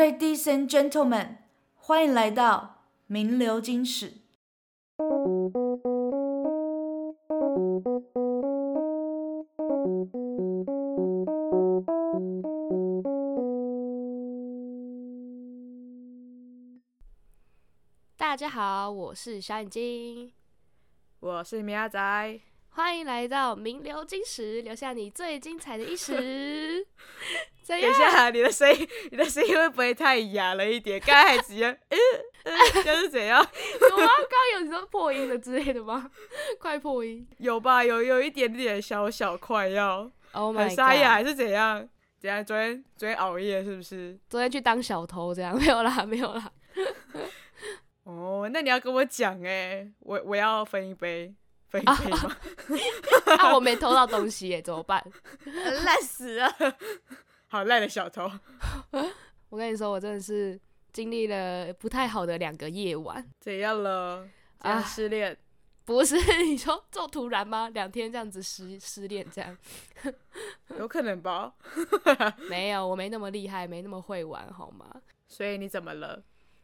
Ladies and gentlemen，歡迎來到《名流金石》。大家好，我是小眼睛，我是米阿仔，歡迎來到《名流金石》，留下你最精彩的軼事。 等一下，樣你的聲音，你的聲音會不會太啞了一點？剛才還直接，嗯、 欸，就、欸、是怎樣？ 有嗎？剛有什麼破音的之類的嗎？ 快破音？有吧，有有一點點小小快，要很沙啞、oh、還是怎樣？怎樣？昨天昨天熬夜是不是？昨天去當小偷這樣？沒有啦，沒有啦。 哦，那你要跟我講哎、欸，我我要分一杯，分一杯嗎？ 啊，我沒偷到東西哎、欸，怎麼辦？很爛 死了。好賴的小偷， 我跟你說，我真的是經歷了不太好的兩個夜晚。怎樣了？樣啊，失戀？不是，你說這麼突然嗎？兩天這樣子失失戀這樣， 有可能吧？ 沒有，我沒那麼厲害，沒那麼會玩，好嗎？所以你怎麼了？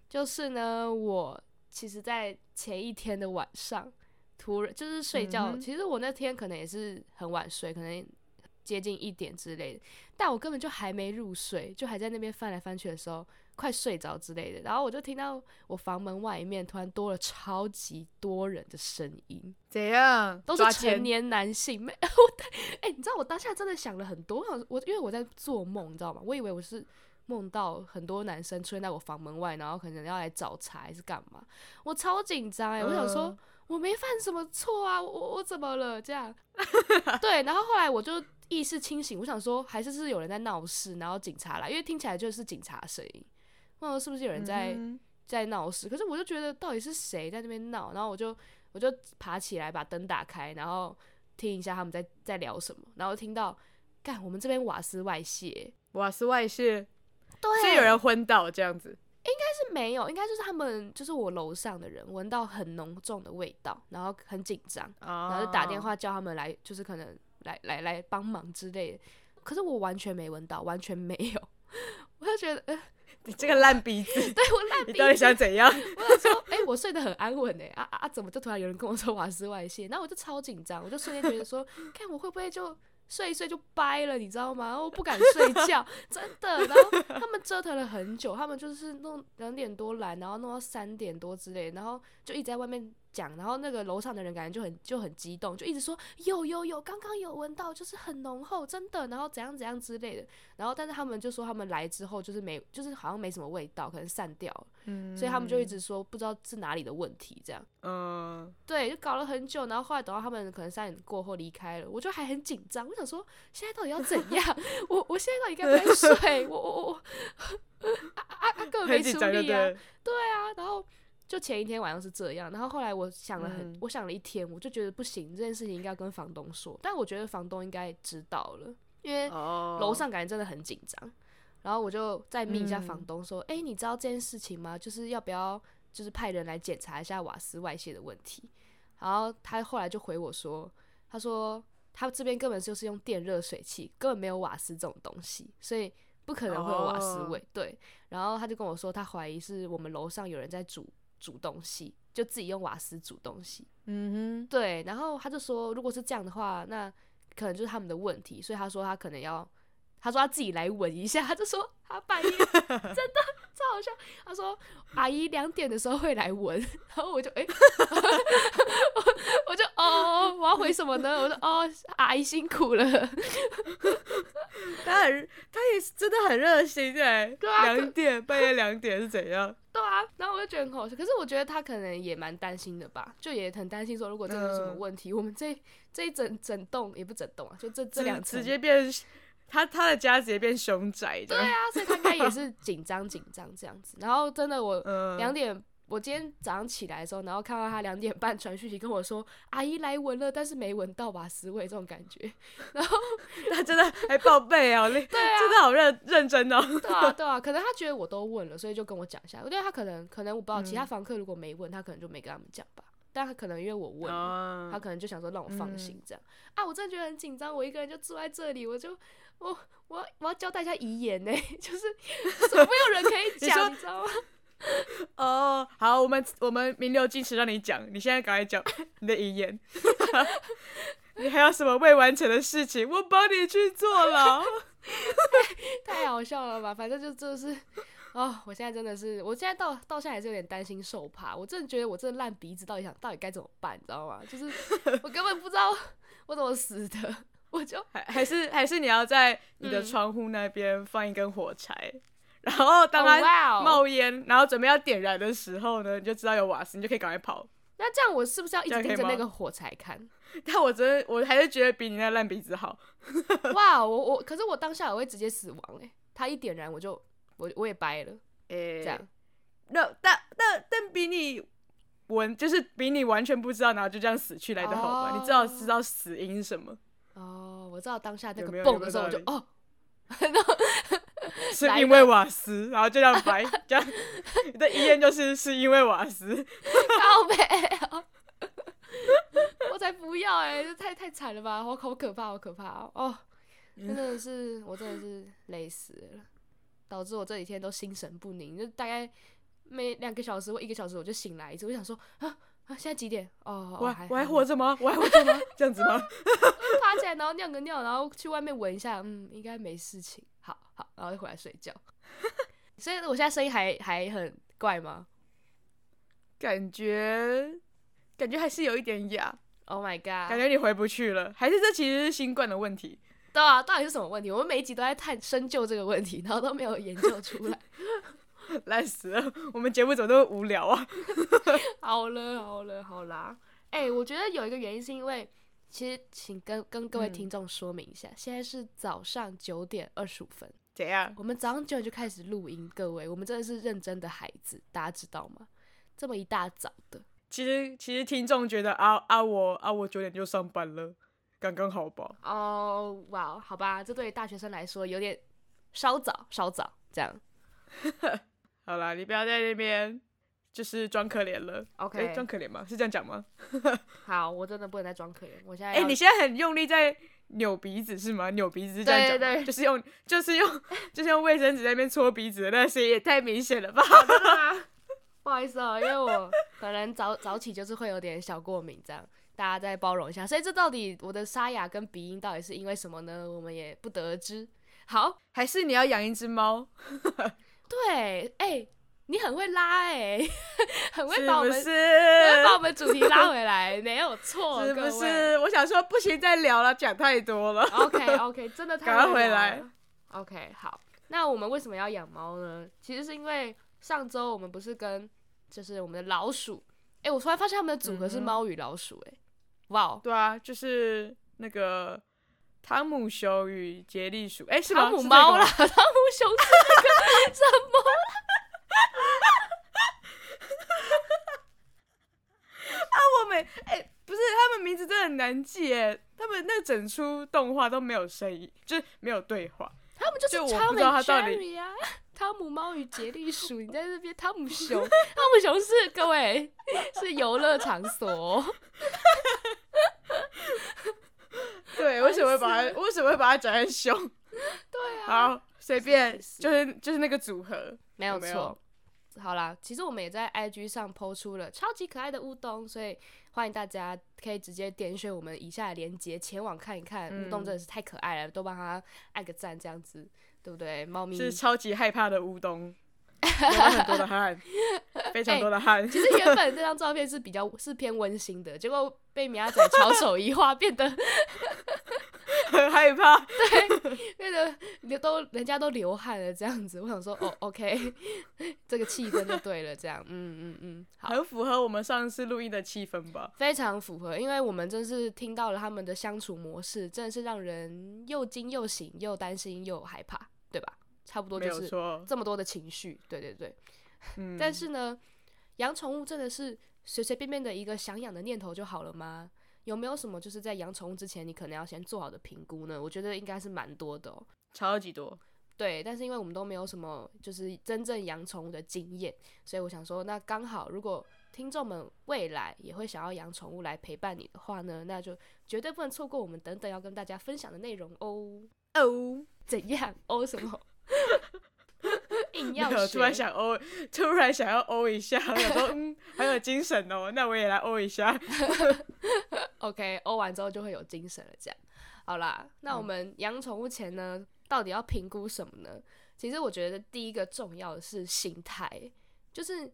就是呢，我其實，在前一天的晚上，突然就是睡覺。嗯、哼其實我那天可能也是很晚睡，可能。接近一點之類的，但我根本就還沒入睡，就還在那邊翻來翻去的時候，快睡着之類的。然後我就聽到我房門外面突然多了超級多人的聲音，怎樣？都是成年男性。沒、我太、欸，你知道我當下真的想了很多，我想我因為我在做夢，你知道嗎？我以為我是夢到很多男生出現在我房門外，然後可能要來找茬還是幹嘛？我超緊張誒，我想說、嗯、我沒犯什麼錯啊，我我怎麼了？這樣 對，然後後來我就。意識清醒，我想說還是是有人在鬧事，然後警察來，因為聽起來就是警察聲音。我想是不是有人在、嗯、哼在鬧事，可是我就覺得到底是誰在那邊鬧，然後我就我就爬起來把燈打開，然後聽一下他們在在聊什麼，然後聽到，幹，我們這邊瓦斯外泄，瓦斯外泄，對，所以有人昏倒這樣子，應該是沒有，應該就是他們就是我樓上的人聞到很濃重的味道，然後很緊張，哦、然後就打電話叫他們來，就是可能。來來來幫忙之類的，可是我完全沒聞到，完全沒有。我就覺得，呃，你這個爛鼻子，我對我爛鼻子，你到底想怎樣？我想說，哎、欸，我睡得很安穩誒、欸，啊啊怎麼就突然有人跟我說瓦斯外泄？然後我就超緊張，我就瞬間覺得說， 看我會不會就睡一睡就掰了，你知道嗎？然後我不敢睡覺，真的。然後他們折騰了很久，他們就是弄兩點多來，然後弄到三點多之類，然後就一直在外面。講，然後那個樓上的人感覺就很就很激動，就一直說有有有，剛剛有聞到，就是很濃厚，真的，然後怎樣怎樣之類的。然後但是他們就說他們來之後就是沒，就是好像沒什麼味道，可能散掉了。嗯，所以他們就一直說不知道是哪裡的問題，這樣。嗯、呃，對，就搞了很久。然後後來等到他們可能三點過後離開了，我就還很緊張，我想說現在到底要怎樣？ 我我現在到底該不該睡？ 我我我阿阿阿根本沒出力啊。啊啊啊啊對，對啊，然後。就前一天晚上是這樣，然後後來我想了很，嗯、我想了一天，我就覺得不行，這件事情應該要跟房東說。但我覺得房東應該知道了，因為樓上感覺真的很緊張。哦、然後我就再密一下房東說：“哎、嗯欸，你知道這件事情嗎？就是要不要就是派人來檢查一下瓦斯外洩的問題？”然後他後來就回我說：“他說他這邊根本就是用電熱水器，根本沒有瓦斯這種東西，所以不可能會有瓦斯味。哦、對。然後他就跟我說，他懷疑是我們樓上有人在煮。”煮東西，就自己用瓦斯煮東西，嗯哼，對。然後他就說，如果是這樣的話，那可能就是他們的問題。所以他說他可能要，他說他自己來聞一下。他就說他半夜 真的超好笑。他說阿姨兩點的時候會來聞，然後我就欸。欸 哦，我要回什麼呢？我說哦，阿姨辛苦了。 他很，他也真的很熱心哎、欸。對啊， 兩點半夜兩點是怎樣？對啊，然後我就覺得很好笑。可是我覺得他可能也蠻擔心的吧，就也很擔心說，如果真的有什麼問題，呃、我們這這一整整棟也不整棟啊，就這這兩次直接變他他的家直接變凶宅的。對啊，所以他應該也是緊張緊張這樣子。 然後真的我兩點。呃我今天早上起來的時候，然後看到他兩點半傳訊息跟我說：“阿姨來聞了，但是沒聞到吧，屍味這種感覺。”然後他真的還報備啊， 對啊真的好認 認真哦。對啊，對啊，可能他覺得我都問了，所以就跟我講一下。我覺得他可能，可能我不知道、嗯、其他房客如果沒問，他可能就沒跟他們講吧。但他可能因為我問，oh, 他可能就想說讓我放心這樣。嗯、啊，我真的覺得很緊張，我一個人就住在這裡，我就我我我要交代一下遺言呢，就是所沒有人可以講， 你知道嗎？哦，oh, 好，我們我們名留青史，讓你講，你現在趕快講你的遺言， 你還有什麼未完成的事情，我幫你去做了 太，太好笑了吧？反正就就是，哦，我現在真的是，我現在到到現在還是有點擔心受怕，我真的覺得我這爛鼻子到底想到底該怎麼辦，你知道嗎？就是我根本不知道我怎麼死的，我就還，還是還是你要在你的窗戶那邊、嗯、放一根火柴。然後當它冒煙，oh, wow 然後準備要點燃的時候呢，你就知道有瓦斯，你就可以趕快跑。那這樣我是不是要一直盯着那個火柴看？但我真的我還是覺得比你那爛鼻子好。哇、 wow,，我我可是我當下我會直接死亡哎、欸，他一點燃我就我我也掰了哎，欸、這樣。那但但但比你聞就是比你完全不知道，然後就這樣死去來的好吧、oh, 你知道知道死因是什麼？哦，oh, 我知道當下那個蹦的時候我就有有有有哦。 是因為瓦斯，然後就這樣拍， 這樣。你的遺言就是是因為瓦斯。 靠北北啊、喔！ 我才不要哎、欸，這太太慘了吧？好好可怕，好可怕哦、喔！喔嗯、真的是，我真的是累死了，導致我這幾天都心神不寧。就大概每兩個小時或一個小時，我就醒來一次。我想說啊啊，現在幾點？哦、喔，我、喔、還我還活着嗎？我還活着嗎？ 這樣子嗎？趴 起來，然後尿個尿，然後去外面聞一下，嗯，應該沒事情。好好，然後就回來睡覺。所以我現在聲音還還很怪嗎？感覺感覺還是有一點啞。Oh my god！感覺你回不去了，還是這其實是新冠的問題？對啊，到底是什麼問題？我們每一集都在探深究這個問題，然後都沒有研究出來。懶 死了，我們節目組都無聊啊。 好了好了好啦，哎、欸，我覺得有一個原因是因為。其實，請跟跟各位聽眾說明一下，嗯、現在是早上九點二十五分。怎樣？我們早上九點就開始錄音，各位，我們真的是認真的孩子，大家知道嗎？這麼一大早的，其實其實聽眾覺得啊啊我啊我九點就上班了，剛剛好吧？哦哇，好吧，這對於大學生來說有點稍早稍早，這樣。 好啦，你不要在那邊。就是裝可憐了，OK？裝、欸、可憐嗎？是這樣講嗎？ 好，我真的不能再裝可憐，我現在……哎、欸，你現在很用力在扭鼻子是嗎？扭鼻子是這樣講，對，對，對，就是用，就是用，就像、是、用衛生紙在那邊搓鼻子的，那些也太明顯了吧 ？不好意思啊，因為我可能早早起就是會有點小過敏，這樣大家再包容一下。所以這到底我的沙啞跟鼻音到底是因為什麼呢？我們也不得知。好，還是你要養一隻貓？ 對，哎、欸。你很會拉哎、欸，很會把我們，是不是把我們主題拉回來，沒有錯，是不是？位我想說不行，再聊了，講太多了。OK OK，真的太好了。趕快回來 OK，好。那我們為什麼要養貓呢？其實是因為上周我們不是跟，就是我們的老鼠。哎、欸，我突然發現他們的組合是貓與老鼠。哎，哇！對啊，就是那個湯姆熊與傑利鼠。哎、欸，是貓，是湯姆貓啦，湯姆熊是、這個什 麼？ 啊，我們哎、欸，不是，他們名字真的很難記哎。他們那整出動畫都沒有聲音，就是沒有對話。他們就是就我不他到底《啊、湯姆和杰瑞》啊，《湯姆貓與傑利鼠》。你在這邊，湯姆熊， 湯姆熊是各位是遊樂場所、哦。 對，是為什麼會把它，為什麼會把它轉成熊？對啊，好，隨便，是是是就是就是那個組合，沒有，有沒錯。好啦，其實我們也在 IG 上 PO 出了超級可愛的烏冬，所以歡迎大家可以直接點選我們以下的連接前往看一看。烏冬真的是太可愛了，都幫他按個讚，這樣子對不對？貓咪是超級害怕的烏冬，有很多的汗， 非常多的汗。欸、其實原本這張照片是比較 是偏溫馨的，結果被米亞仔巧手一畫， 變得。 很害怕對，對，那個流都人家都流汗了這樣子，我想說哦，OK，這個氣氛就對了，這樣，嗯嗯嗯，嗯好，很符合我們上次錄音的氣氛吧？非常符合，因為我們真是聽到了他們的相處模式，真的是讓人又驚又醒，又擔心又害怕，對吧？差不多就是這麼多的情緒，對對對。嗯，但是呢，養寵物真的是隨隨便便的一個想養的念頭就好了嗎？有沒有什麼就是在養寵物之前，你可能要先做好的評估呢？我覺得應該是蠻多的哦，超級多。對，但是因為我們都沒有什麼就是真正養寵物的經驗，所以我想說，那剛好如果聽眾們未來也會想要養寵物來陪伴你的話呢，那就絕對不能錯過我們等等要跟大家分享的內容哦。哦，怎樣？哦，什麼？ 硬要突然想歐， 突然想要歐一下，我說嗯，很有精神哦，那我也來歐一下。 OK，歐完之後就會有精神了。這樣，好啦，那我們養寵物前呢，嗯、到底要評估什麼呢？其實我覺得第一個重要的是心態，就是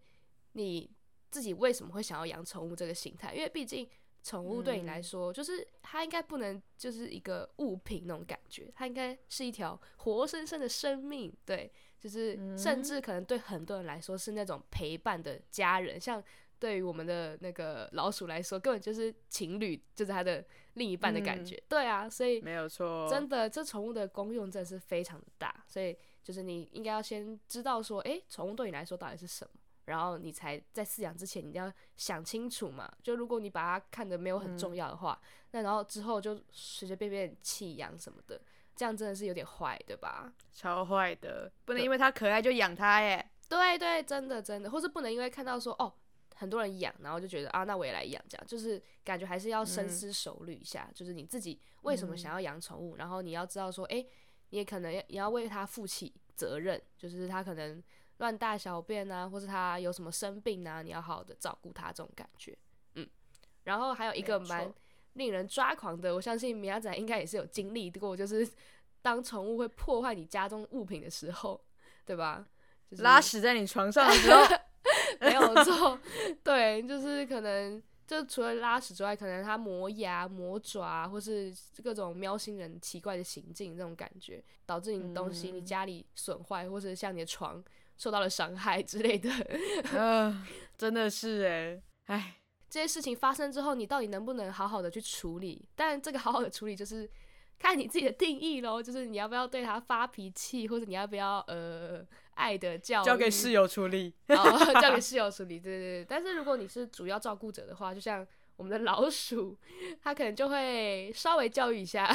你自己為什麼會想要養寵物這個心態，因為畢竟寵物對你來說，嗯、就是它應該不能就是一個物品那種感覺，它應該是一條活生生的生命，對。就是，甚至可能對很多人來說是那種陪伴的家人，嗯、像對於我們的那個老鼠來說，根本就是情侶，就是它的另一半的感覺。嗯、對啊，所以沒有錯，真的，這寵物的功用真的是非常的大。所以就是你應該要先知道說，誒、欸，寵物對你來說到底是什麼，然後你才在飼養之前你要想清楚嘛。就如果你把它看得沒有很重要的話，嗯、那然後之後就隨隨便便棄養什麼的。這樣真的是有點壞，對吧？超壞的，不能因為它可愛就養它耶，對，對對，真的真的，或是不能因為看到說，哦，很多人養，然後就覺得啊，那我也來養，這樣就是感覺還是要深思熟慮一下。嗯、就是你自己為什麼想要養寵物，嗯、然後你要知道說，誒、欸，你也可能要你要為它負起責任，就是它可能亂大小便啊，或是它有什麼生病啊，你要好好的照顧它這種感覺。嗯，然後還有一個蠻。令人抓狂的，我相信米亞仔應該也是有經歷過，就是當寵物會破壞你家中物品的時候，對吧？就是、拉屎在你床上的時候， 沒有錯錯， 對，就是可能就除了拉屎之外，可能它磨牙、磨爪，或是各種喵星人奇怪的行徑，這種感覺導致你的東西、你家裡損壞，嗯、或是像你的床受到了傷害之類的。 呃、真的是哎、欸。唉這些事情發生之後，你到底能不能好好的去處理？但這個好好的處理，就是看你自己的定義嘍。就是你要不要對他發脾氣，或者你要不要呃愛的教育？交給室友處理，好，交給室友處理。對對對。 但是如果你是主要照顧者的話，就像我們的老鼠，他可能就會稍微教育一下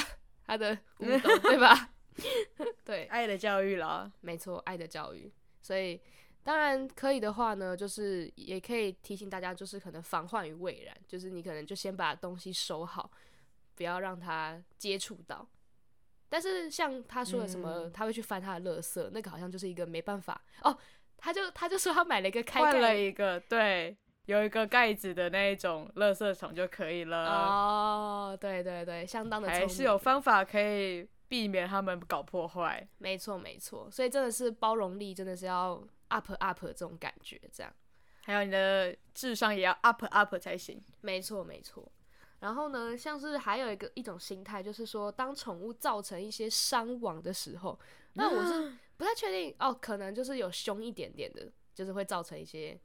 他的， 對吧？ 對，愛的教育了，沒錯，愛的教育。所以。當然可以的話呢，就是也可以提醒大家，就是可能防患於未然，就是你可能就先把東西收好，不要讓它接觸到。但是像他說的什麼，嗯，他會去翻他的垃圾，那個好像就是一個沒辦法哦。他就他就說他買了一個開、開了一個，對，有一個蓋子的那一種垃圾桶就可以了。哦，對對對，相當的還是有方法可以避免他們搞破壞。沒錯，沒錯，所以真的是包容力真的是要。up up 這種感覺，這樣，還有你的智商也要 up up 才行。沒錯沒錯，然後呢，像是還有一個一種心態，就是說當寵物造成一些傷亡的時候，那我是不太確定哦，可能就是有凶一點點的，就是會造成一些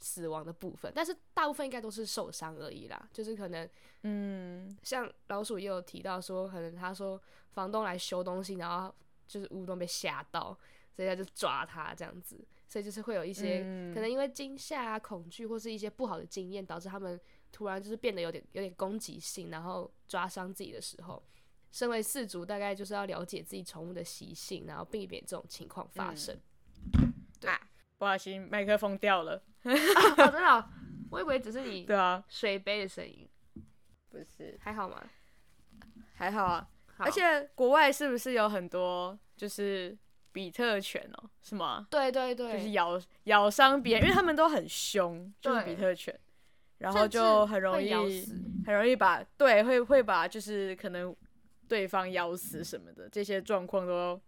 死亡的部分，但是大部分應該都是受傷而已啦，就是可能嗯，像老鼠也有提到說，可能他說房東來修東西，然後就是烏冬被嚇到，所以他就抓他這樣子。所以就是會有一些、嗯、可能因為驚嚇啊、恐懼或是一些不好的經驗，導致他們突然就是變得有點有點攻擊性，然後抓傷自己的時候，身為飼主大概就是要了解自己寵物的習性，然後避免這種情況發生。嗯啊、對，不好意思，麥克風掉了。哦哦、真的、哦，我以為只是你。對啊。水杯的聲音，不是、啊、還好嗎？還好啊。好，而且國外是不是有很多就是？比特犬哦，是嗎？對對對，就是咬、咬傷別人，因為他們都很兇，就是比特犬，對然後就很容易咬死，很容易把、對，會、會把，就是可能對方咬死什麼的，這些狀況都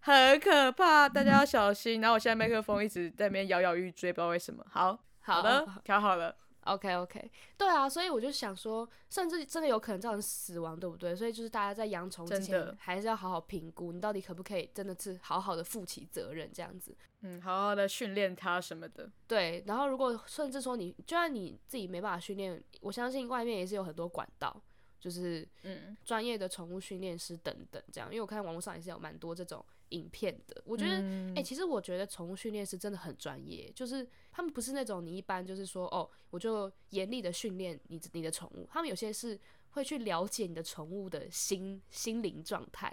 很可怕，大家要小心。嗯。然後我現在麥克風一直在那邊搖搖欲墜，不知道為什麼。好好，好的，調好了。OK OK，對啊，所以我就想說，甚至真的有可能造成死亡，對不對？所以就是大家在養寵之前還是要好好評估你到底可不可以，真的是好好的負起責任這樣子。嗯，好好的訓練它什麼的。對，然後如果甚至說你就算你自己沒辦法訓練，我相信外面也是有很多管道，就是嗯專業的寵物訓練師等等這樣，因為我看網絡上也是有蠻多這種。影片的，我覺得，誒、嗯欸，其實我覺得寵物訓練師真的很專業，就是他們不是那種你一般就是說，哦，我就嚴厲的訓練你你的寵物，他們有些是會去了解你的寵物的心心靈狀態，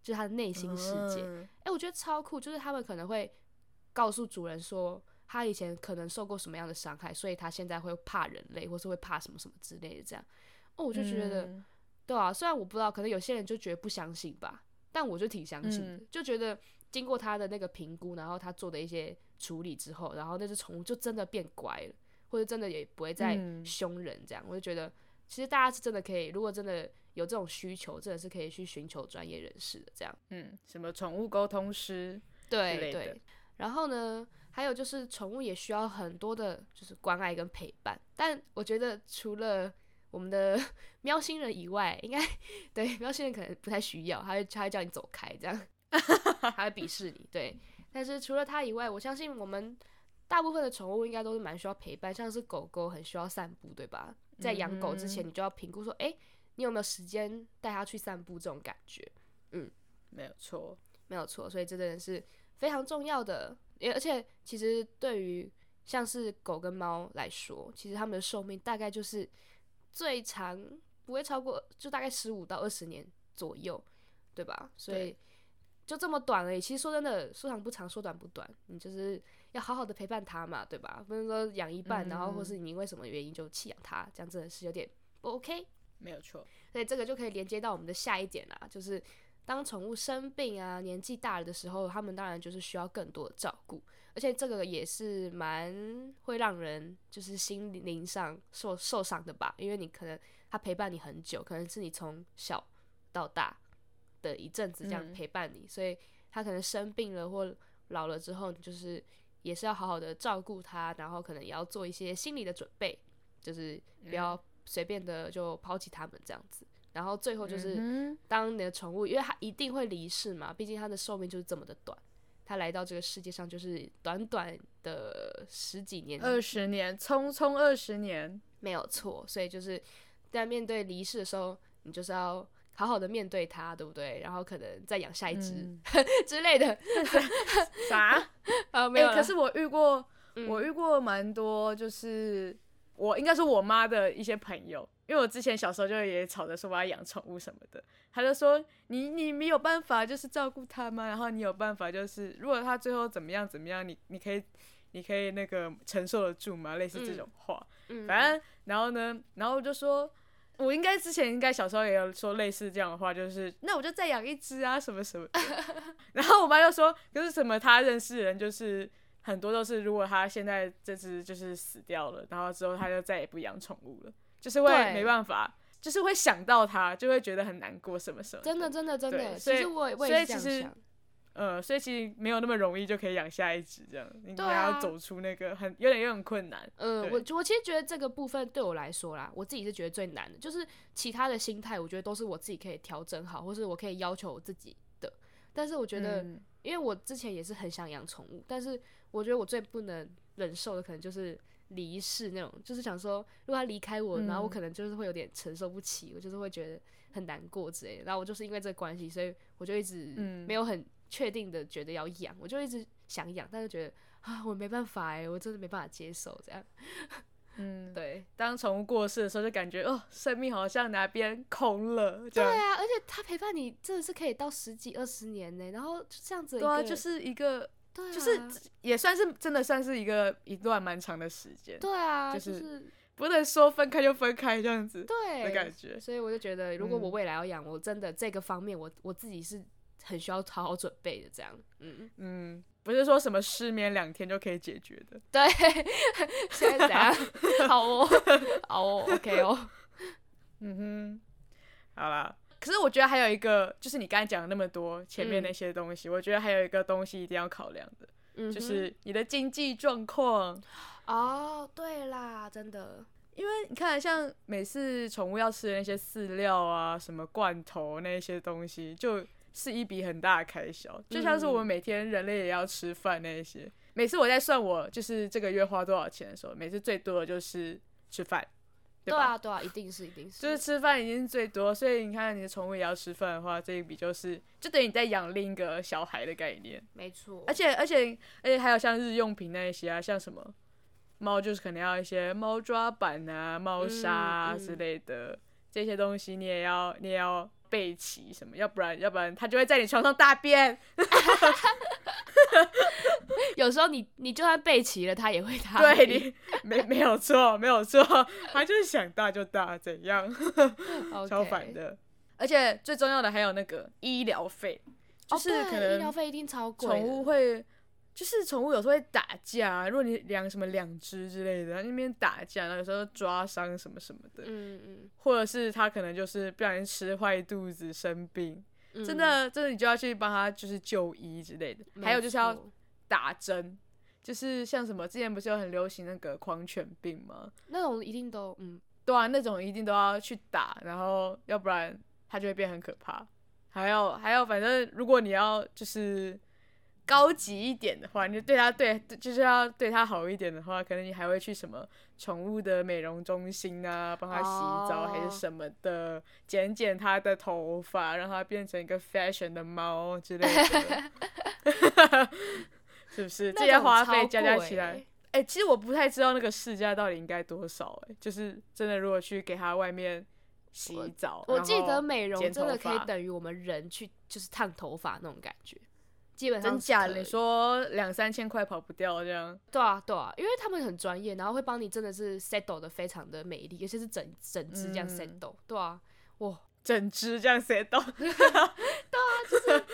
就是他的內心世界，誒、哦欸，我覺得超酷，就是他們可能會告訴主人說，他以前可能受過什麼樣的傷害，所以他現在會怕人類，或是會怕什麼什麼之類的，這樣，哦，我就覺得，嗯、對啊，雖然我不知道，可能有些人就覺得不相信吧。但我就挺相信的，嗯，就覺得經過他的那個評估，然後他做的一些處理之後，然後那隻寵物就真的變乖了，或者真的也不會再兇人這樣。嗯，我就覺得，其實大家是真的可以，如果真的有這種需求，真的是可以去尋求專業人士的這樣。嗯，什麼寵物溝通師，對對。然後呢，還有就是寵物也需要很多的，就是關愛跟陪伴。但我覺得除了我們的喵星人以外，應該對喵星人可能不太需要，他會他會叫你走開，這樣， 他會鄙視你。對，但是除了他以外，我相信我們大部分的寵物應該都是蠻需要陪伴，像是狗狗很需要散步，對吧？在養狗之前，你就要評估說，哎、嗯，你有沒有時間帶它去散步這種感覺？嗯，沒有錯，沒有錯。所以這真的是非常重要的，因而且其實對於像是狗跟貓來說，其實它們的壽命大概就是。最長不會超過，就大概十五到二十年左右，對吧？對，所以就這麼短了，其實說真的，說長不長，說短不短，你就是要好好的陪伴它嘛，對吧？不能說養一半，嗯嗯，然後或是你因為什麼原因就棄養它，這樣真的是有點不 OK。沒有錯，所以這個就可以連接到我們的下一點啦，就是當寵物生病啊、年紀大了的時候，他們當然就是需要更多的照顧。而且這個也是蠻會讓人就是心靈上受受傷的吧，因為你可能他陪伴你很久，可能是你從小到大的一陣子這樣陪伴你，嗯，所以他可能生病了或老了之後，你就是也是要好好的照顧他，然後可能也要做一些心理的準備，就是不要隨便的就拋棄他們這樣子，然後最後就是當你的寵物，因為它一定會離世嘛，畢竟它的壽命就是這麼的短。他來到這個世界上就是短短的十幾年、二十年，匆匆二十年，沒有錯。所以就是在面對離世的時候，你就是要好好的面對它，對不對？然後可能再養下一隻、嗯、 之類的。啥？啊 啥，沒有、欸。可是我遇過，嗯、我遇過蠻多，就是我應該是我媽的一些朋友，因為我之前小時候就也吵着說我要養寵物什麼的。他就說：“你你沒有辦法就是照顧它嗎？然後你有辦法就是，如果它最後怎麼樣怎麼樣，你你可以你可以那個承受得住嗎？類似這種話，嗯嗯、反正然後呢，然後我就說我應該之前應該小時候也有說類似這樣的話，就是那我就再養一隻啊什麼什麼。 然後我媽就說，可是什麼他認識的人就是很多都是，如果他現在這隻就是死掉了，然後之後他就再也不養寵物了，就是會沒辦法。”就是會想到他，就會覺得很難過，什麼什麼的。真的，真的，真的，真的對，真的實。所以，所以其實，呃，所以其實沒有那麼容易就可以養下一隻，這樣、啊、你還要走出那個很有點有點困難。呃，對我我其實覺得這個部分對我來說啦，我自己是覺得最難的，就是其他的心態，我覺得都是我自己可以調整好，或是我可以要求我自己的。但是我覺得，嗯、因為我之前也是很想養寵物，但是我覺得我最不能忍受的，可能就是。離世那種，就是想說，如果他離開我，然後我可能就是會有點承受不起，嗯、我就是會覺得很難過之類的。然後我就是因為這個關係，所以我就一直沒有很確定的覺得要養，嗯、我就一直想養，但是覺得啊，我沒辦法哎、欸，我真的沒辦法接受這樣。嗯，對。當寵物過世的時候，就感覺哦，生命好像哪邊空了。對啊，而且它陪伴你真的是可以到十幾二十年呢、欸，然後就這樣子，對啊，就是一個。啊、就是也算是真的算是一個一段蠻長的時間，對啊，就是不能說分開就分開這樣子，對的感覺，所以我就覺得如果我未來要養，我真的這個方面我、嗯、我自己是很需要好好準備的，這樣，嗯嗯，不是說什麼失眠兩天就可以解決的，對，現在怎樣？ 好哦，好哦，OK 哦， 嗯哼，好啦。可是我覺得還有一個，就是你剛才講那麼多前面那些東西，嗯、我覺得還有一個東西一定要考量的，嗯、哼就是你的經濟狀況。哦，對啦，真的，因為你看，像每次寵物要吃的那些飼料啊，什麼罐頭那些東西，就是一筆很大的開銷。嗯、就像是我們每天人類也要吃飯那些，每次我在算我就是這個月花多少錢的時候，每次最多的就是吃飯。對，對啊，對啊，一定是，一定是。就是吃飯已經是最多，所以你看你的寵物也要吃飯的話，這一筆就是，就等於你在養另一個小孩的概念。沒錯，而且而且而且還有像日用品那一些啊，像什麼貓就是可能要一些貓抓板啊、貓砂、啊嗯、之類的、嗯、這些東西你，你也要你也要備齊，什麼要不然要不然它就會在你床上大便。 有時候你你就算備齊了，他也會大。對，你沒沒有錯，沒有錯，他就是想大就大，怎樣？ 超煩的。Okay. 而且最重要的還有那個醫療費，哦、就是可能醫療費一定超貴。寵物會就是寵物有時候會打架、啊，如果你養什麼兩隻之類的，然後那邊打架，然後有時候抓傷什麼什麼的。嗯嗯，或者是它可能就是不小心吃壞肚子生病，真的，真的，你就要去幫他，就是就醫之類的。嗯、還有就是要打針，沒錯。就是像什麼，之前不是有很流行那個狂犬病嗎？那種一定都，嗯，對啊，那種一定都要去打，然後要不然它就會變很可怕。還有，還有，反正如果你要就是。高級一點的話，你就對它對就是要對它好一點的話，可能你還會去什麼寵物的美容中心啊，幫它洗澡、oh. 還是什麼的，剪剪它的頭髮，讓它變成一個 fashion 的貓之類的， 是不是？個這些花費加加起來，哎、欸欸，其實我不太知道那個市價到底應該多少哎、欸。就是真的，如果去給它外面洗澡，我，我記得美容真的可以等於我們人去就是燙頭髮那種感覺。基本上是真假？你說兩三千塊跑不掉這樣？對啊，對啊，因為他們很專業，然後會幫你真的是 settle 的非常的美麗，尤其是整整隻這樣 settle、嗯。對啊，哇，整隻這樣 settle。 對啊，就是，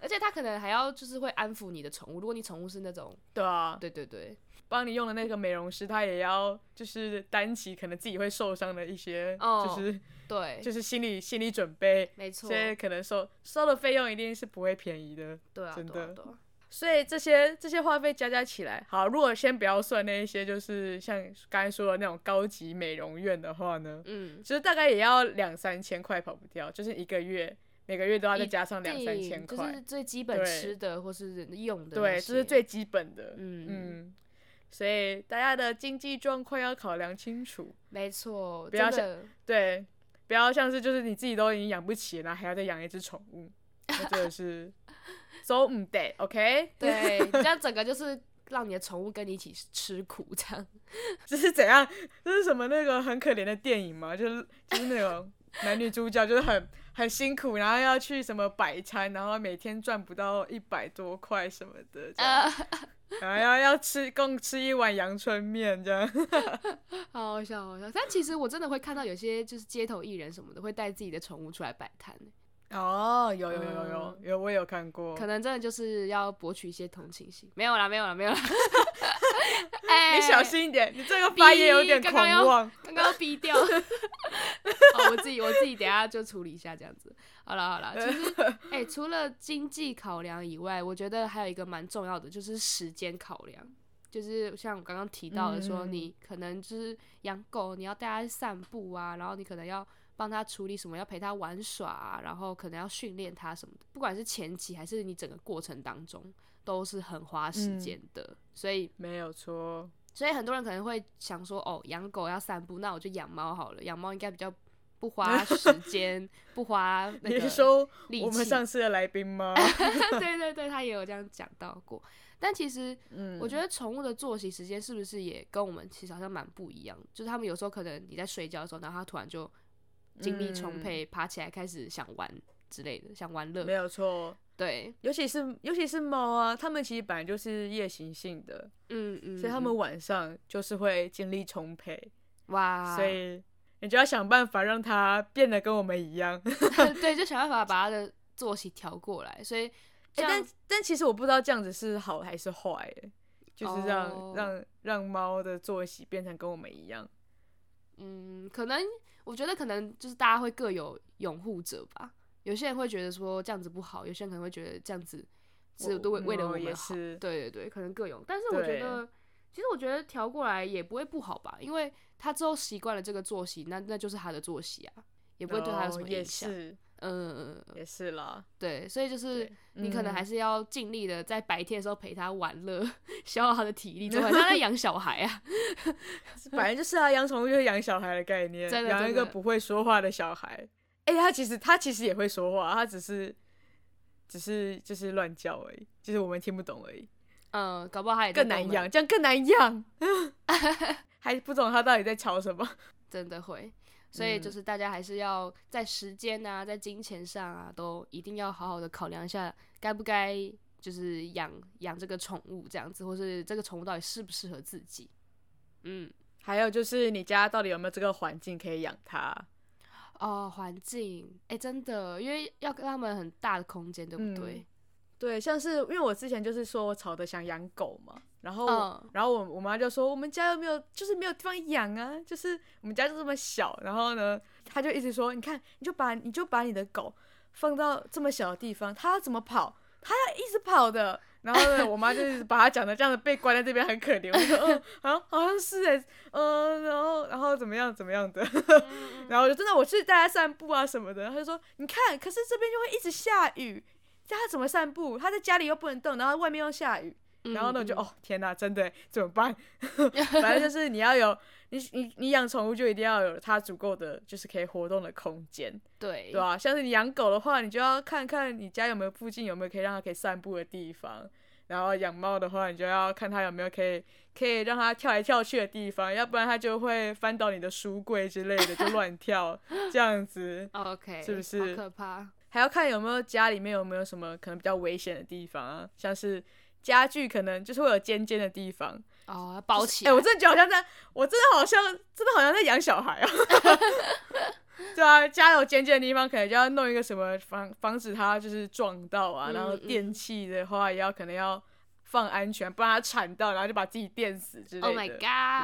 而且他可能還要就是會安撫你的寵物，如果你寵物是那種。對啊，對對對。幫你用的那個美容師，他也要就是擔起可能自己會受傷的一些，就是對，就是心理心理準備，沒錯。所以可能收收的費用一定是不會便宜的，對啊，真的。所以這些這些花費加加起來，好，如果先不要算那一些，就是像剛才說的那種高級美容院的話呢，嗯，其實大概也要兩三千塊跑不掉，就是一個月每個月都要再加上兩三千塊，這是最基本吃的或是用的，對，這是最基本的，嗯嗯。所以大家的經濟狀況要考量清楚，沒錯錯，不要想，的對，不要像是就是你自己都已經養不起了，然後還要再養一只寵物，真的是 so 唔 not ,得，OK？對， 這樣整個就是讓你的寵物跟你一起吃苦，這樣， 這是怎樣？這是什麼那個很可憐的電影嗎？就是就是那種男女主角就是很很辛苦，然後要去什麼擺攤，然後每天賺不到一百多塊什麼的。 哎、 啊、要要吃，共吃一碗陽春麵，這樣， 好，好笑，好笑。但其實我真的會看到有些就是街頭藝人什麼的，會帶自己的寵物出來擺攤。哦，有有有有、嗯、有，我有看過。可能真的就是要博取一些同情心。沒有啦，沒有啦，沒有啦。 小心一點，你這個發言有點狂妄，剛剛要，要逼掉。 好，我自己我自己等下就處理一下，這樣子。好了好了，其實誒，除了經濟考量以外，我覺得還有一個蠻重要的，就是時間考量。就是像我剛剛提到的說，說、嗯、你可能就是養狗，你要帶它去散步啊，然後你可能要幫它處理什麼，要陪它玩耍啊，然後可能要訓練它什麼的。不管是前期還是你整個過程當中，都是很花時間的，嗯、所以沒有錯。所以很多人可能會想說，哦，養狗要散步，那我就養貓好了。養貓應該比較不花時間， 不花那個。我們上次的來賓嗎？ 對對對，他也有這樣講到過。但其實，我覺得寵物的作息時間是不是也跟我們其實好像蠻不一樣？就是他們有時候可能你在睡覺的時候，然後他突然就精力充沛，嗯，爬起來開始想玩之類的，想玩樂。沒有錯。對，尤，尤其是尤其是貓啊，它們其實本來就是夜行性的，嗯嗯，嗯，所以它們晚上就是會精力充沛哇，所以你就要想辦法讓它變得跟我們一樣， 對，就想辦法把它的作息調過來。所以、欸，但但其實我不知道這樣子是好還是壞，就是讓、哦、讓讓貓的作息變成跟我們一樣，嗯，可能我覺得可能就是大家會各有擁護者吧。有些人會覺得說這樣子不好，有些人可能會覺得這樣子是都為、嗯、為了我們好，也是對對對，可能各有。但是我覺得，對其實我覺得調過來也不會不好吧，因為他之後習慣了這個作息，那那就是他的作息啊，也不會對他有什麼影響、啊。嗯是嗯，也是啦。對，所以就是你可能還是要盡力的在白天的時候陪他玩樂，消耗他的體力，就、嗯、 他在養小孩啊。反正 就是啊，養寵物就是養小孩的概念，養的一個不會說話的小孩。哎、欸，他其實他其實也會說話，他只是只是就是亂叫而已，就是我們聽不懂而已。嗯，搞不好他也更難養，這樣更難養。 還不懂他到底在吵什麼？真的會，所以就是大家還是要在時間啊，在金錢上啊，嗯、都一定要好好的考量一下，該不該就是養養這個寵物這樣子，或是這個寵物到底適不適合自己？嗯，還有就是你家到底有沒有這個環境可以養它？哦，環、oh, 境，哎、欸，真的，因為要給他們很大的空間，對不對？嗯、對，像是因為我之前就是說我吵得想養狗嘛，然後，嗯、然後我我媽就說我們家又沒有，就是沒有地方養啊，就是我們家就這麼小，然後呢，她就一直說，你看，你就把你就把你的狗放到這麼小的地方，它要怎麼跑？它要一直跑的。然後呢，我媽就是把他講的這樣子被關在這邊很可憐，我說嗯，好好像是誒、欸，嗯，然後然後怎麼樣怎麼樣的， 然後就真的我去帶他散步啊什麼的，他就說你看，可是這邊就會一直下雨，叫他怎麼散步？他在家裡又不能動，然後外面又下雨。然後呢，我就、嗯、哦天哪、啊，真的怎麼辦？ 反正就是你要有你你你養寵物就一定要有它足夠的就是可以活動的空間，對對吧？像是你養狗的話，你就要看看你家有沒有附近有沒有可以讓它可以散步的地方；然後養貓的話，你就要看它有沒有可以可以讓它跳來跳去的地方，要不然它就會翻倒你的書櫃之類的， 就亂跳這樣子。OK，是不是？好可怕！還要看有沒有家裡面有沒有什麼可能比較危險的地方啊，像是。家具可能就是會有尖尖的地方哦，oh, 包起來哎、就是欸，我真的覺得好像在，我真的好像真的好像在養小孩啊。 對啊，家有尖尖的地方，可能就要弄一個什麼防防止它就是撞到啊。嗯嗯，然後電器的話，也要可能要放安全，不然它纏到，然後就把自己電死之類的。o、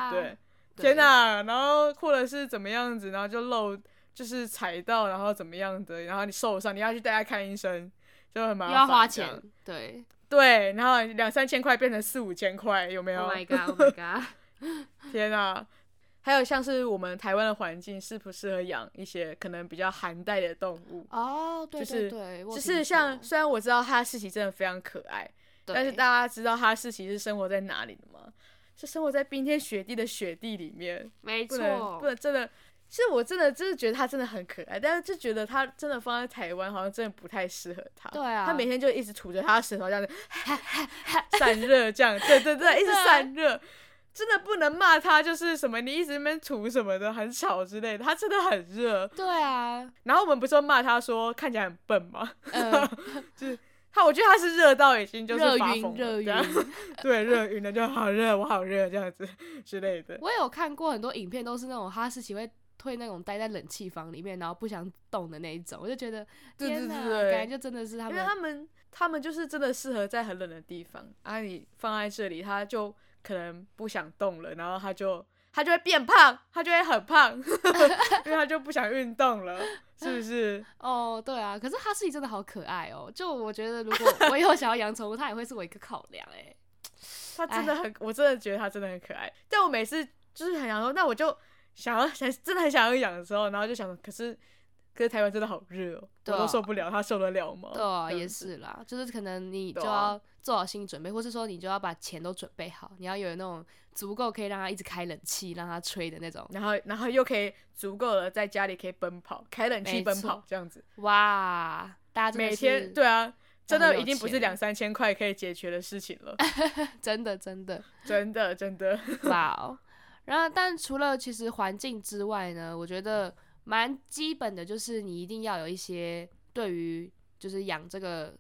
oh、對，對對天哪、啊！然後或者是怎麼樣子，然後就漏，就是踩到，然後怎麼樣的，然後你受傷，你要去帶它看醫生，就很麻煩，要花錢。對。對，然後兩三千塊變成四五千塊，有沒有？Oh my god, Oh my god！ 天哪、啊！還有像是我們台灣的環境適不適合養一些可能比較寒帶的動物？哦，oh, 對對對，就是、就是像雖然我知道哈士奇真的非常可愛，對但是大家知道哈士奇是生活在哪裡的嗎？是生活在冰天雪地的雪地裡面，沒錯，不能，不能真的。其實我真的就是覺得他真的很可愛，但是就覺得他真的放在台灣好像真的不太適合他。對啊。他每天就一直吐着他的舌頭這樣子，哈哈哈，散熱這樣，對對對，對一直散熱，對真的不能罵他。就是什麼你一直那邊吐什麼的很吵之類的，他真的很熱。對啊。然後我們不是罵他說看起來很笨嗎？呃、 就是他，我覺得他是熱到已經就是熱暈發瘋了，熱暈 對，熱暈了就好熱，我好熱這樣子之類的。我有看過很多影片，都是那種哈士奇會。退那種待在冷氣房裡面，然後不想動的那一種，我就覺得，對對哪對，感覺就真的是他們，因為他們他們就是真的適合在很冷的地方。啊，你放在這裡，他就可能不想動了，然後他就他就會變胖，他就會很胖， 因為他就不想運動了， 是不是？哦，對啊，可是哈士奇真的好可愛哦，就我覺得如果我以後想要養寵物，它 也會是我一個考量哎、欸，它真的很，唉我真的覺得它真的很可愛。但我每次就是很想說，那我就。想要想真的很想要養的時候，然後就想，可是，可是台灣真的好熱哦、喔，啊、我都受不了，他受得了嗎？對、啊，也是啦，就是可能你就要做好心理準備，啊、或是說你就要把錢都準備好，你要有那種足夠可以讓他一直開冷氣，讓他吹的那種。然後，然後又可以足夠了，在家裡可以奔跑，開冷氣奔跑這樣子。哇，大家真的是每天對啊，真的，真的已經不是兩三千塊可以解決的事情了， 真的，真的， 真的，真的，哇。然後、啊，但除了其實環境之外呢，我覺得蠻基本的，就是你一定要有一些對於就是養這個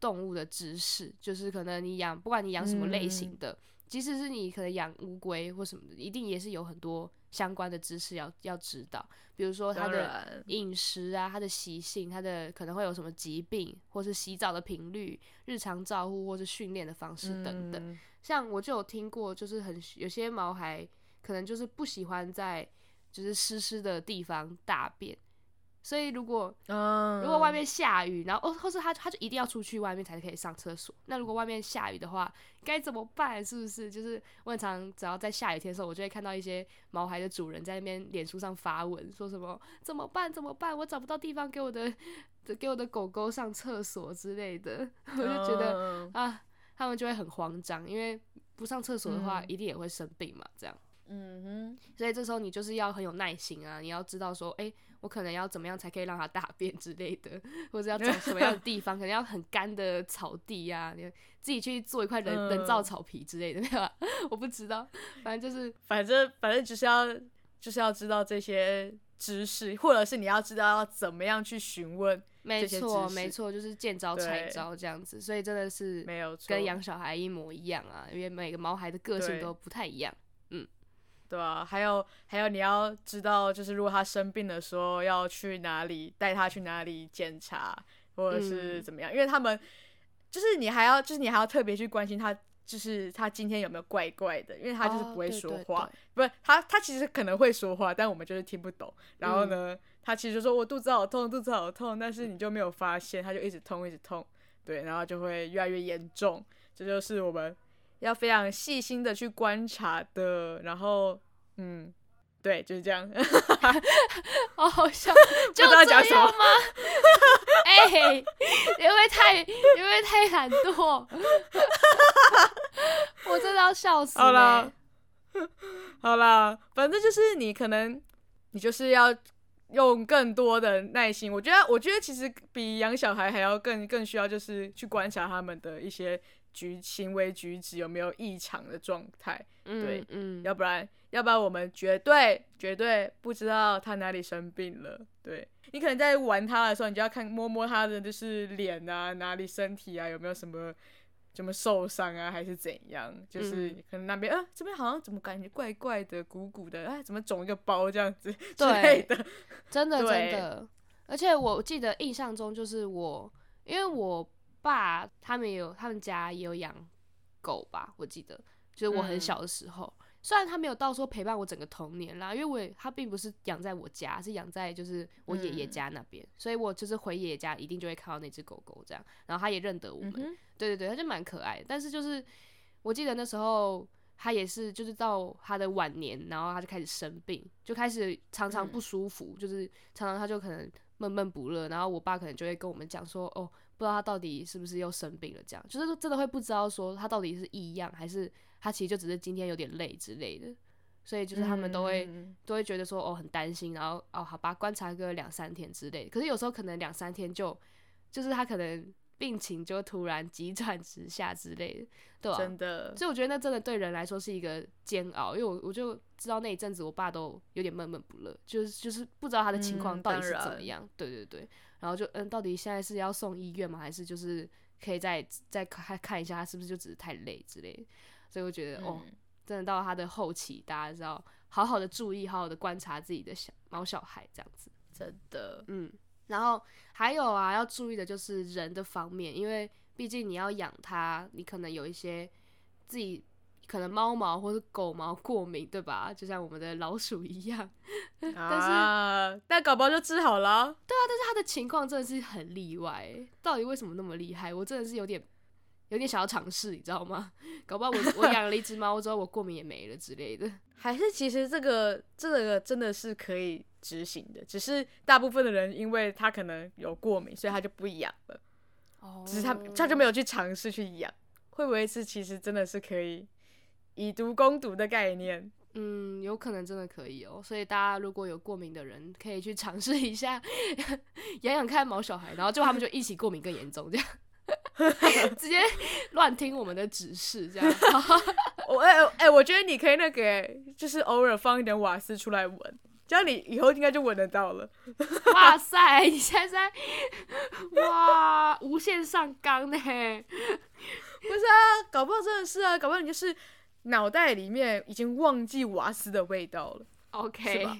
動物的知識，就是可能你養不管你養什麼類型的，嗯、即使是你可能養烏龜或什麼的，一定也是有很多相關的知識要要知道，比如說它的飲食啊、它的習性、它的可能會有什麼疾病，或是洗澡的頻率、日常照護或是訓練的方式等等。像我就有聽過，就是很有些毛孩。可能就是不喜歡在就是濕濕的地方大便，所以如果如果外面下雨，然後哦，或是他就他就一定要出去外面才可以上廁所。那如果外面下雨的話，該怎麼辦？是不是？就是我很常只要在下雨天的時候，我就會看到一些毛孩的主人在那邊臉書上發文，說什麼怎麼辦？怎麼辦？我找不到地方給我的給我的狗狗上廁所之類的。我就覺得啊，他們就會很慌張，因為不上廁所的話，一定也會生病嘛，這樣。嗯哼，所以這時候你就是要很有耐心啊！你要知道說，哎、欸，我可能要怎麼樣才可以讓它大便之類的，或者要找什麼樣的地方， 可能要很乾的草地呀、啊，你自己去做一塊人、嗯、人造草皮之類的，沒有、啊？我不知道，反正就是，反正反正就是要，就是要知道這些知識，或者是你要知道要怎麼樣去詢問這些知識，沒錯，沒錯，就是見招對拆招這樣子。所以真的是沒有錯，跟養小孩一模一樣啊，因為每個毛孩的個性都不太一樣，對嗯。對啊，還有還有，你要知道，就是如果他生病的時候要去哪裡，帶他去哪裡檢查，或者是怎麼樣，嗯、因為他們，就是你還要，就是你還要特別去關心他，就是他今天有沒有怪怪的，因為他就是不會說話，哦、對對對對，不是他，他其實可能會說話，但我們就是聽不懂。然後呢，嗯、他其實就說“我肚子好痛，肚子好痛”，但是你就沒有發現，他就一直痛一直痛，對，然後就會越來越嚴重。這就是我們。要非常細心的去觀察的，然後，嗯，對，就是這樣，我 好好笑， 就是要這樣嗎？哎，因為太，因為 太懶惰， 我真的要笑死了欸。好啦。好了，反正就是你可能，你就是要用更多的耐心。我覺得，我覺得其實比養小孩還要更更需要，就是去觀察他們的一些。舉行為舉止有沒有異常的狀態？對，嗯，嗯，要不然要不然我們絕對絕對不知道他哪裡生病了。對，你可能在玩他的時候，你就要看摸摸他的就是臉啊，哪裡身體啊，有沒有什麼怎麼受傷啊，還是怎樣？就是、嗯、可能那邊啊，這邊好像怎麼感覺怪怪的、鼓鼓的，哎，怎麼腫一個包這樣子對之類的。真的真的。對而且我記得印象中就是我，因為我。爸他們也有，他們家也有養狗吧？我記得就是我很小的時候，嗯、雖然他沒有到說陪伴我整個童年啦，因為我也他也並不是養在我家，是養在就是我爺爺家那邊，嗯、所以我就是回爺爺家一定就會看到那隻狗狗這樣，然後他也認得我們，嗯、哼對對對，他就蠻可愛的。但是就是我記得那時候他也是，就是到他的晚年，然後他就開始生病，就開始常常不舒服，嗯、就是常常他就可能悶悶不樂，然後我爸可能就會跟我們講說，哦。不知道他到底是不是又生病了。這樣就是真的會不知道說他到底是異樣，還是他其實就只是今天有點累之類的。所以就是他們都會、嗯、都會覺得說哦，很擔心，然後哦好吧，觀察個兩三天之類的。可是有時候可能兩三天就就是他可能病情就突然急轉直下之類的，對吧、啊？真的。所以我覺得那真的對人來說是一個煎熬，因為我我就知道那一陣子我爸都有點悶悶不樂，就是就是不知道他的情況到底是怎麼樣。嗯、對對對。然後就嗯，到底現在是要送醫院嗎？還是就是可以再再看看一下，他是不是就只是太累之類的？所以我覺得、嗯、哦，真的到他的後期，大家知道，好好的注意，好好的觀察自己的小毛小孩這樣子，真的，嗯。然後還有啊，要注意的就是人的方面，因為畢竟你要養它，你可能有一些自己。可能貓毛或者狗毛過敏，對吧？就像我們的老鼠一樣， 但是但、啊、搞不好就治好了、啊。對啊，但是他的情況真的是很例外。到底為什麼那麼厲害？我真的是有點有點想要嘗試，你知道嗎？搞不好我我養了一隻貓，我之後我過敏也沒了之類的。還是其實這個這個真，真的是可以執行的，只是大部分的人因為他可能有過敏，所以他就不養了。哦，只是他他就沒有去嘗試去養，會不會是其實真的是可以？以毒攻毒的概念，嗯，有可能真的可以哦。所以大家如果有過敏的人，可以去嘗試一下養養看毛小孩，然後就他們就一起過敏更嚴重，這樣 直接亂聽我們的指示這樣。我哎哎，我覺得你可以那個、欸、就是偶爾放一點瓦斯出來聞，這樣你以後應該就聞得到了。 哇塞，你現在、現在哇，無限上綱呢、欸？不是啊，搞不好真的是啊，搞不好你就是。腦袋裡面已經忘記瓦斯的味道了，OK，吧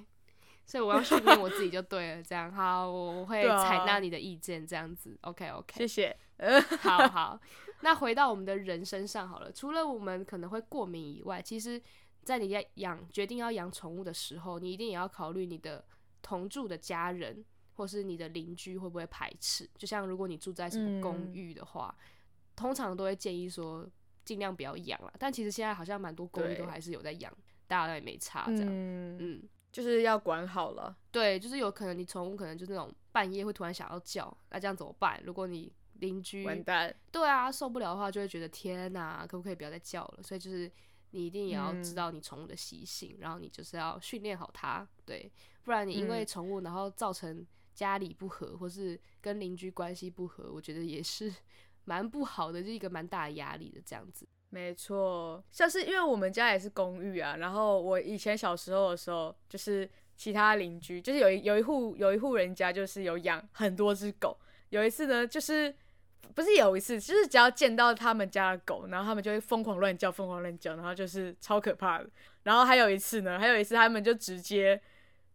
所以我要訓練我自己就對了。 這樣，好，我我會採納你的意見，這樣子 ，OK，OK，Okay, okay. 謝謝。 好好，那回到我們的人身上好了。除了我們可能會過敏以外，其實，在你要養、決定要養寵物的時候，你一定也要考慮你的同住的家人或是你的鄰居會不會排斥。就像如果你住在什麼公寓的話，嗯、通常都會建議說。儘量不要養了，但其實現在好像蠻多公寓都還是有在養，對大家也沒差，這樣，嗯，嗯，就是要管好了。對，就是有可能你寵物可能就那種半夜會突然想要叫，那這樣怎麼辦？如果你鄰居完蛋，對啊，受不了的話就會覺得天啊，可不可以不要再叫了？所以就是你一定也要知道你寵物的習性，嗯、然後你就是要訓練好它，對，不然你因為寵物然後造成家裡不和，嗯、或是跟鄰居關係不和，我覺得也是。蠻不好的，就一個蠻大的壓力的這樣子。沒錯，像是因為我們家也是公寓啊，然後我以前小時候的時候，就是其他鄰居，就是有一有一戶有一戶人家，就是有養很多只狗。有一次呢，就是不是有一次，就是只要見到他們家的狗，然後他們就會瘋狂亂叫，瘋狂亂叫，然後就是超可怕的。然後還有一次呢，還有一次他們就直接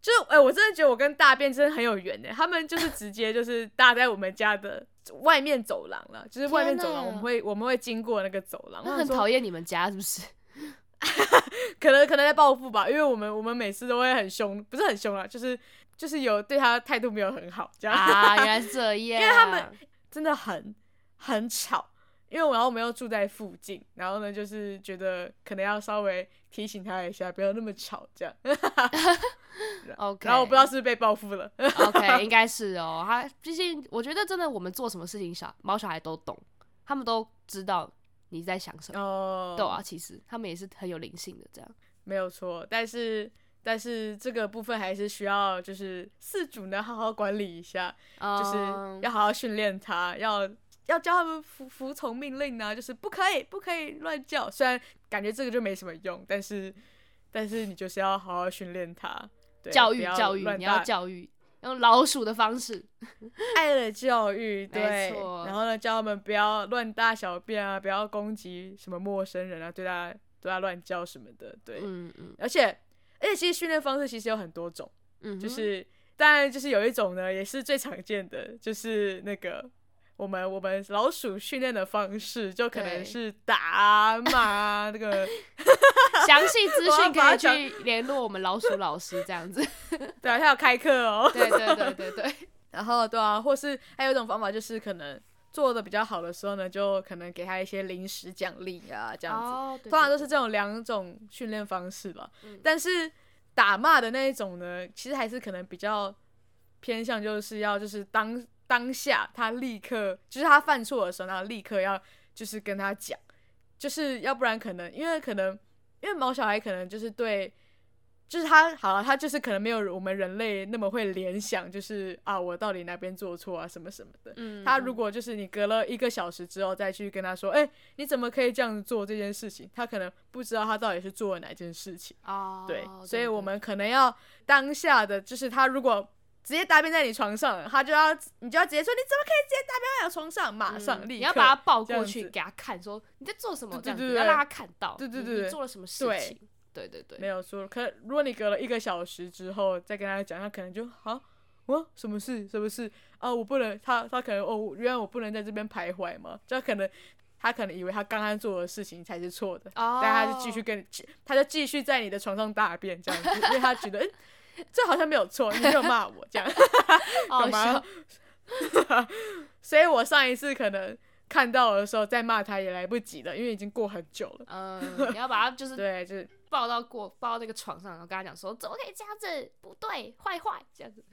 就是，哎、欸，我真的覺得我跟大便真的很有緣哎、欸，他們就是直接就是搭在我們家的。 外面走廊了，就是外面走廊，我們會哪我們會經過那個走廊。我很討厭你們家，是不是？ 可能可能在報復吧，因為我們我們每次都會很凶，不是很凶啊，就是就是有對他態度沒有很好這樣子啊，原來是這樣， Yeah. 因為他們真的很很吵。因為我然後我們又住在附近，然後呢，就是覺得可能要稍微提醒他一下，不要那麼吵，這樣。 Okay. 然後我不知道是不是被報復了。OK， 應該是哦。他畢竟，我覺得真的，我們做什麼事情小，毛小孩都懂，他們都知道你在想什麼。哦，都啊，其實他們也是很有靈性的，這樣。沒有錯，但是但是這個部分還是需要就是飼主呢好好管理一下，oh. 就是要好好訓練它，要。要教他們服服從命令呢、啊，就是不可以，不可以亂叫。雖然感覺這個就沒什麼用，但是，但是你就是要好好訓練它，教育教育，要你要教育，用老鼠的方式，愛的教育，對。沒錯。然後呢，教他們不要亂大小便啊，不要攻擊什麼陌生人啊，對啊，對啊，亂叫什麼的，對。嗯嗯。而且，而且，其實訓練方式其實有很多種，嗯哼。就是當然，但就是有一種呢，也是最常見的，就是那個。我們我們老鼠訓練的方式就可能是打罵、啊，那對、 啊這個 詳細資訊可以去聯絡我們老鼠老師這樣子。 對、啊，他要開課哦。 對，對對對對對。然後對啊，或是還有一種方法就是可能做得比較好的時候呢，就可能給他一些零食獎勵啊這樣子。哦、對對對，通常都是這種兩種訓練方式吧。嗯、但是打罵的那一種呢，其實還是可能比較偏向就是要就是當。當下他立刻就是他犯錯的時候，然後立刻要就是跟他講，就是要不然可能因為可能因為毛小孩可能就是對，就是他好了、啊，他就是可能沒有我們人類那麼會聯想，就是啊我到底哪邊做錯啊什麼什麼的。嗯、他如果就是你隔了一個小時之後再去跟他說，哎、欸，你怎麼可以這樣子做這件事情？他可能不知道他到底是做了哪件事情。哦、對，所以我們可能要當下的就是他如果。直接大便在你床上，他就要你就要直接說，你怎麼可以直接大便在我床上？馬上立刻、嗯，你要把他抱過去給他看，說你在做什麼這樣子，對對對對，要讓他看到，對，對對對，嗯、做了什麼事情？對，對對對，沒有說。可，如果你隔了一個小時之後再跟他講，他可能就啊，我什麼事什麼事？啊，我不能，他他可能哦，原來我不能在這邊徘徊嘛。他可能他可能以為他剛剛做的事情才是錯的，oh. 但他就繼續跟你，他就繼續在你的床上大便這樣子，因為他覺得。 這好像沒有錯，你沒有罵我這樣， 好嗎 幹嘛 所以我上一次可能看到我的時候再罵他，也來不及了，因為已經過很久了。嗯，你要把他就是 對，就是抱到過抱到那個床上，然後跟他講說怎麼可以這樣子，不對，壞壞這樣子。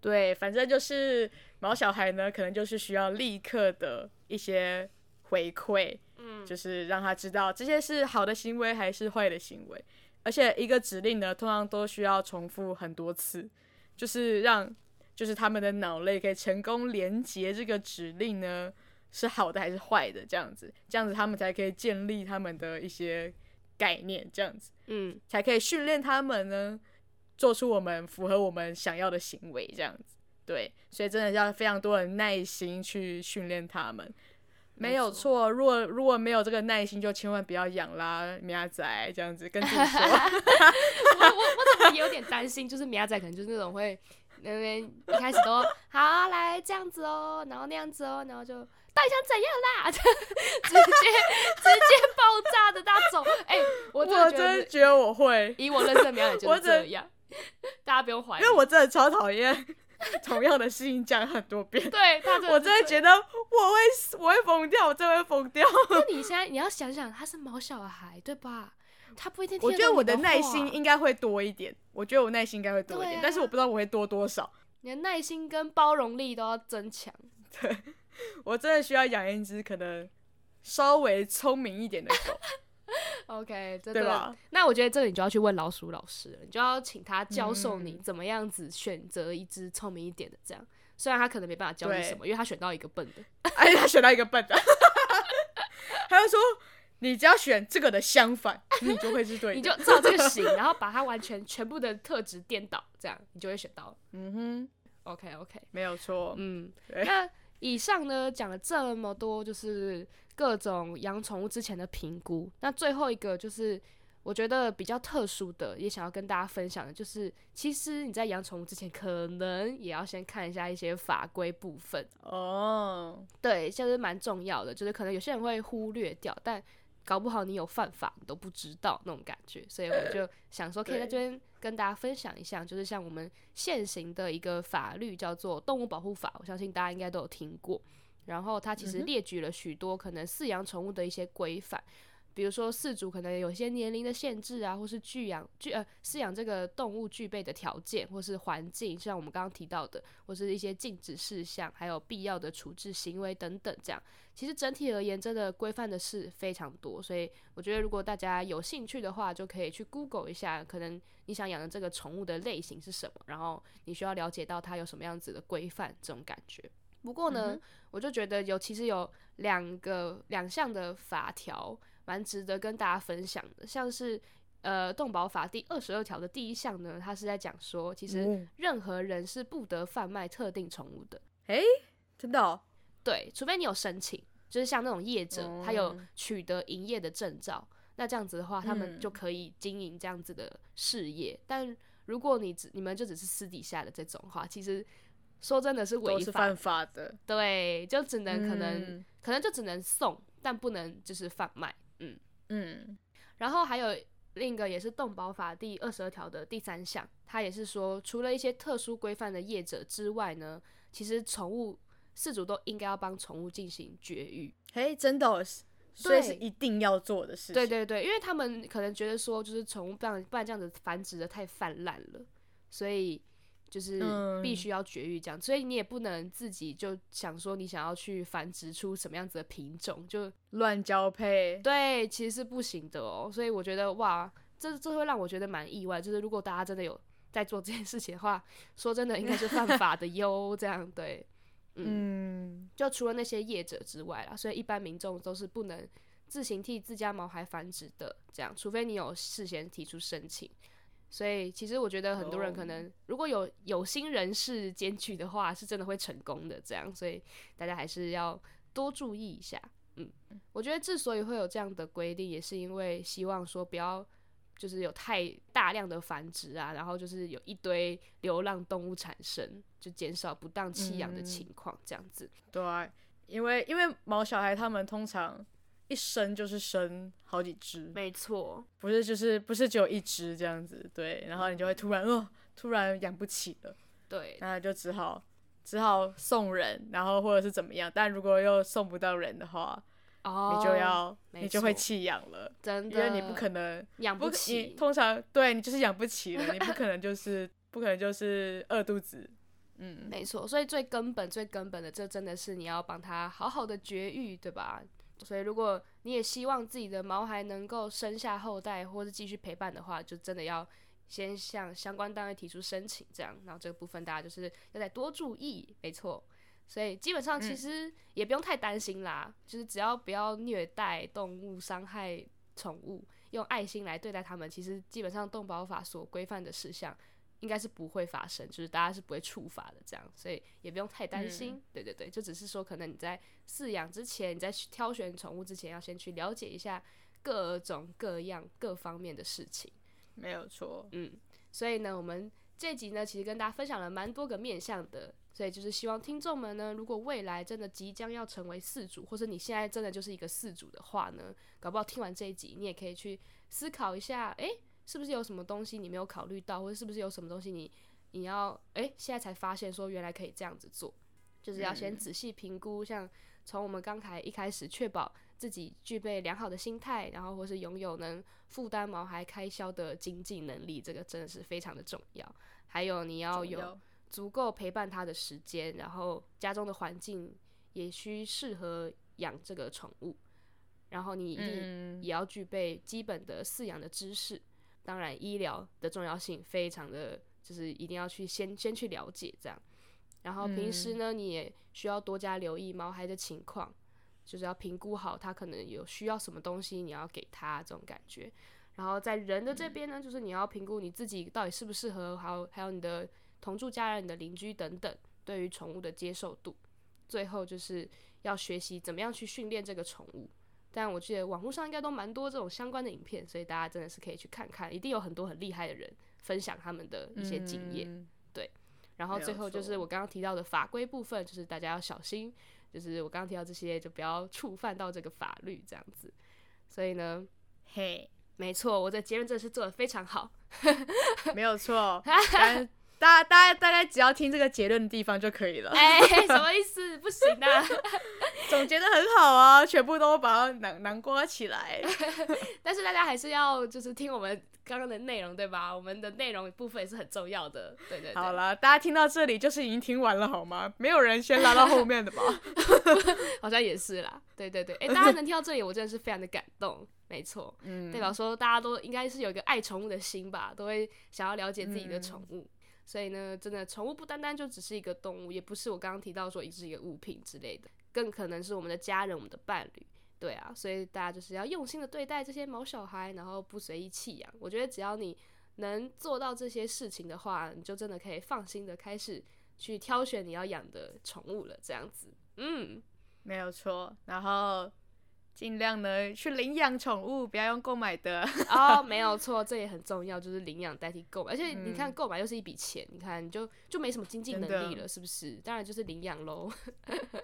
對，反正就是毛小孩呢，可能就是需要立刻的一些回饋，嗯，就是讓他知道這些是好的行為還是壞的行為。而且一個指令呢，通常都需要重複很多次，就是讓，就是他們的腦內可以成功連接這個指令呢，是好的還是壞的這樣子，這樣子他們才可以建立他們的一些概念，這樣子，嗯，才可以訓練他們呢，做出我們符合我們想要的行為，這樣子，對，所以真的要非常多的耐心去訓練他們。沒有錯，沒有錯，如果如果沒有這個耐心，就千萬不要養啦，苗仔這樣子跟自己說。 我我我怎麼有點擔心，就是苗仔可能就是那種會那邊一開始都好來這樣子哦，然後那樣子哦，然後就到底想怎樣啦？ 直接直接爆炸的那種。哎、欸，我真的我真覺得我會，以我認識苗仔就是這樣，真大家不用懷疑，因為我真的超討厭。 同樣的事情講很多遍， 對，我真的覺得我會我會瘋掉，我真的會瘋掉。那 你現在你要想想，他是毛小孩，對吧？他不一定聽。我覺得我的耐心應該會多一點，我覺得我耐心應該會多一點，啊、但是我不知道我會多多少。你的耐心跟包容力都要增強。對，我真的需要養一隻可能稍微聰明一點的狗。 OK，真的。那我覺得這個你就要去問老鼠老師了，你就要請他教授你怎麼樣子選擇一只聰明一點的。這樣，雖然他可能沒辦法教你什麼，因為他選到一個笨的，而且他選到一個笨的，他就說你只要選這個的相反，你就會是對的，你就照這個行，然後把它完全全部的特質顛倒，這樣你就會選到了。嗯哼，OK OK，沒有錯。嗯，那以上呢，講了這麼多，就是。各種養寵物之前的評估，那最後一個就是我覺得比較特殊的，也想要跟大家分享的，就是其實你在養寵物之前，可能也要先看一下一些法規部分哦。Oh. 對，就是蠻重要的，就是可能有些人會忽略掉，但搞不好你有犯法你都不知道那種感覺，所以我就想說，可以在這邊跟大家分享一下，oh. 就是像我們現行的一個法律叫做《動物保護法》，我相信大家應該都有聽過。然後它其實列舉了許多可能飼養寵物的一些規範，嗯、哼比如說飼主可能有些年齡的限制啊，或是具養具呃飼養這個動物具備的條件或是環境，像我們剛剛提到的，或是一些禁止事項，還有必要的處置行為等等。這樣其實整體而言，真的規範的是非常多。所以我覺得，如果大家有興趣的話，就可以去 Google 一下，可能你想養的這個寵物的類型是什麼，然後你需要了解到它有什麼樣子的規範，這種感覺。不過呢，嗯、哼我就覺得有其實有兩個兩項的法條，蠻值得跟大家分享的。像是呃動保法第二十二條的第一項呢，它是在講說，其實任何人是不得販賣特定寵物的。誒、嗯，真的哦？對，除非你有申請，就是像那種業者，嗯、他有取得營業的證照，那這樣子的話，他們就可以經營這樣子的事業。嗯、但如果你只你們就只是私底下的這種的話，其實。說真的是違法的，犯法的，對，就只能可能、嗯、可能就只能送，但不能就是販賣，嗯嗯。然後還有另一個也是動保法第二十二條的第三項，他也是說，除了一些特殊規範的業者之外呢，其實寵物飼主都應該要幫寵物進行絕育。嘿，真的、哦，是，這是一定要做的事對。對對對，因為他們可能覺得說，就是寵物不然不然這樣子繁殖的太泛濫了，所以。就是必須要絕育，這樣，嗯，所以你也不能自己就想說你想要去繁殖出什麼樣子的品種，就亂交配，對，其實是不行的哦。所以我覺得哇，這這會讓我覺得蠻意外，就是如果大家真的有在做這件事情的話，說真的，應該是犯法的喲，這樣 對，嗯，嗯，就除了那些業者之外啦，所以一般民眾都是不能自行替自家毛孩繁殖的，這樣，除非你有事先提出申請。所以，其實我覺得很多人可能，如果有有心人士檢舉的話，是真的會成功的。這樣，所以大家還是要多注意一下。嗯，我覺得之所以會有這樣的規定，也是因為希望說不要，就是有太大量的繁殖啊，然後就是有一堆流浪動物產生，就減少不當棄養的情況。這樣子，嗯。對，因為因為毛小孩他們通常。一生就是生好幾隻，沒錯錯，不是就是不是只有一隻這樣子，對，然後你就會突然哦，突然養不起了，對，那就只好只好送人，然後或者是怎麼樣，但如果又送不到人的話，哦，你就要錯你就會棄養了，真的，因為你不可能養不，不起，通常對你就是養不起了，你不可能就是 不可能就是餓肚子，嗯，沒錯，所以最根本最根本的，這真的是你要幫他好好的絕育，對吧？所以，如果你也希望自己的毛孩能夠生下後代，或是繼續陪伴的話，就真的要先向相關單位提出申請。這樣，然後這個部分大家就是要再多注意，沒錯。所以基本上其實也不用太擔心啦，嗯、就是只要不要虐待動物、傷害寵物，用愛心來對待他們，其實基本上動保法所規範的事項。應該是不會發生，就是大家是不會觸發的這樣，所以也不用太擔心。嗯、對對對，就只是說可能你在飼養之前，你在挑選寵物之前，要先去了解一下各種各樣各方面的事情。沒有錯，嗯。所以呢，我們這一集呢，其實跟大家分享了蠻多個面向的，所以就是希望聽眾們呢，如果未來真的即將要成為飼主，或者你現在真的就是一個飼主的話呢，搞不好聽完這一集，你也可以去思考一下，哎、欸。是不是有什麼東西你沒有考慮到，或者是不是有什麼東西你，你要哎、欸、現在才發現說原來可以這樣子做，就是要先仔細評估，嗯、像從我們剛才一開始確保自己具備良好的心態，然後或是擁有能負擔毛孩開銷的經濟能力，這個真的是非常的重要。還有你要有足夠陪伴他的時間，然後家中的環境也需適合養這個寵物，然後你一定也要具備基本的飼養的知識。嗯當然，醫療的重要性非常的就是一定要去先先去了解這樣，然後平時呢，嗯、你也需要多加留意毛孩的情況，就是要評估好它可能有需要什麼東西，你要給它這種感覺。然後在人的這邊呢，嗯、就是你要評估你自己到底適不適合，還有還有你的同住家人、你的鄰居等等，對於寵物的接受度。最後就是要學習怎麼樣去訓練這個寵物。但我覺得網絡上應該都蠻多這種相關的影片，所以大家真的是可以去看看，一定有很多很厲害的人分享他們的一些經驗。嗯、對，然後最後就是我剛剛提到的法規部分，就是大家要小心，就是我剛剛提到這些就不要觸犯到這個法律，這樣子。所以呢，嘿，Hey. 沒錯，我的結論真的是做得非常好， 沒有錯。 大大家大家，大家只要聽這個結論的地方就可以了。哎、欸，什麼意思？ 不行啊！總結得很好啊，全部都把它囊囊括起來。但是大家還是要就是聽我們剛剛的內容，對吧？我們的內容部分也是很重要的。對對，對。好啦，大家聽到這裡就是已經聽完了好嗎？沒有人先拉到後面的吧？ 好像也是啦。對對對，哎、欸，大家能聽到這裡，我真的是非常的感動。 沒錯錯，嗯，代表說大家都應該是有一個愛寵物的心吧，都會想要了解自己的寵物。嗯所以呢，真的，寵物不單單就只是一個動物，也不是我剛剛提到說只是一個物品之類的，更可能是我們的家人、我們的伴侶，對啊。所以大家就是要用心的對待這些毛小孩，然後不隨意棄養。我覺得只要你能做到這些事情的話，你就真的可以放心的開始去挑選你要養的寵物了。這樣子，嗯，沒有錯。然後。盡量呢去領養寵物，不要用購買的哦， oh, 沒有錯，這也很重要，就是領養代替購買，而且你看購買又是一筆錢，嗯、你看就就沒什麼經濟能力了，的是不是？當然就是領養嘍。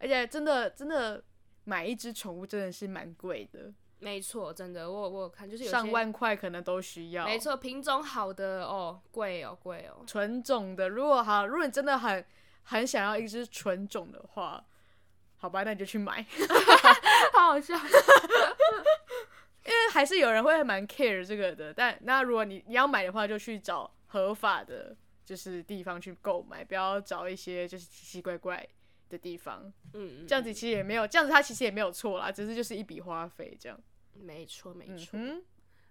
而且真的真的買一隻寵物真的是蠻貴的，沒錯，真的我我有看就是有上萬塊可能都需要，沒錯，品種好的哦，貴哦貴哦，純種的，如果哈，如果你真的很很想要一隻純種的話。好吧，那你就去買， 好好笑， 因為還是有人會蠻 care 這個的。但那如果你你要買的話，就去找合法的，就是地方去購買，不要找一些就是奇奇怪怪的地方。嗯嗯，這樣子其實也沒有，這樣子它其實也沒有錯啦，只是就是一筆花費這樣。沒錯沒錯，嗯、哼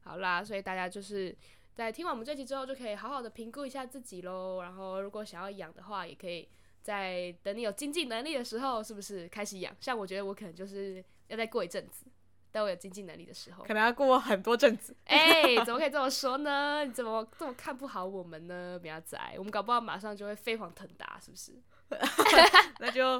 好啦，所以大家就是在聽完我們這集之後，就可以好好的評估一下自己嘍。然後如果想要養的話，也可以。在等你有經濟能力的時候，是不是開始養？像我覺得我可能就是要再過一陣子，等我有經濟能力的時候，可能要過很多陣子。哎、欸，怎麼可以這麼說呢？你怎麼這麼看不好我們呢，苗仔？啊？我們搞不好馬上就會飛黃騰達，是不是？那就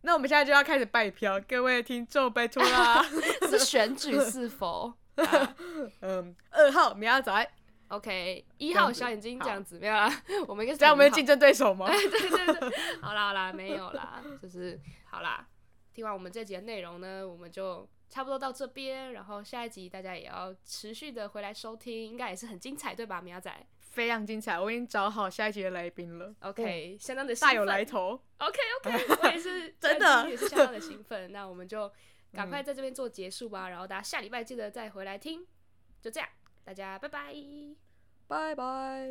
那我們現在就要開始拜票，各位聽眾拜托啦，啊。 是選舉是否？啊、嗯，二號苗仔。OK，一號小眼睛這樣子。沒有啦，我們應該是這樣，這樣我們有競爭對手嗎？對對對，好啦好啦，沒有啦，就是好啦。聽完我們這集的內容呢，我們就差不多到這邊，然後下一集大家也要持續的回來收聽，應該也是很精彩對吧？苗仔。非常精彩，我已經找好下一集的來賓了。OK，相當的大有來頭。OK OK，我也是真的也是相當的興奮，那我們就趕快在這邊做結束吧，然後大家下禮拜記得再回來聽，就這樣。大家拜拜，拜拜。